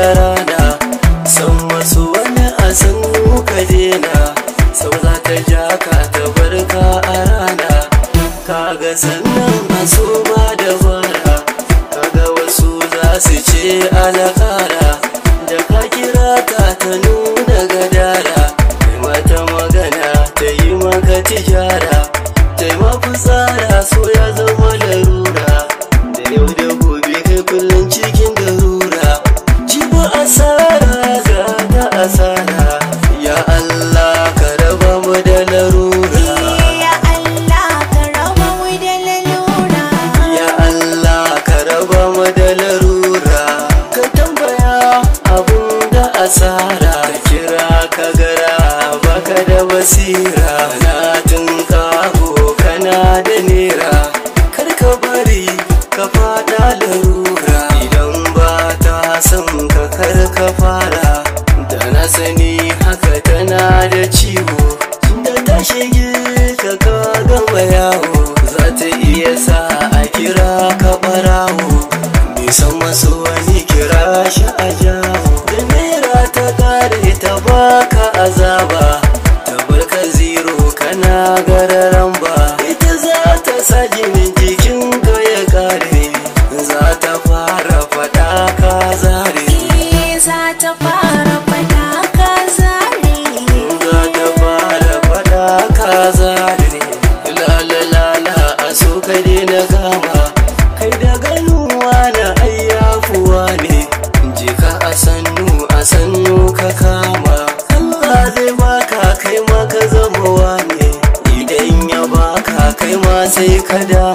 wata san wasu wani a san muka dena sau za ta ja ka ta barka a rana ka ga sannan masu ba da bara ga wasu za su ce ala ka gara baka da basira na go kana da nera kar ka bari ka fada larura idan ba ta son ka kar ka fara da na sani haka tana da ciwo Tun da ta shige ka kaga yawo za ta iya sa baka azaba ta ka zero kana gararan ba ita za ta sajinin jikin ka ya kare za ta fara fada ka zare eh, za ta fara fada ka zare za ta fara fada ka zare la la la la a so ka na gama. kai da ganuwa na ayyafuwa ne je ka a sannu a sannu ka kama sai kada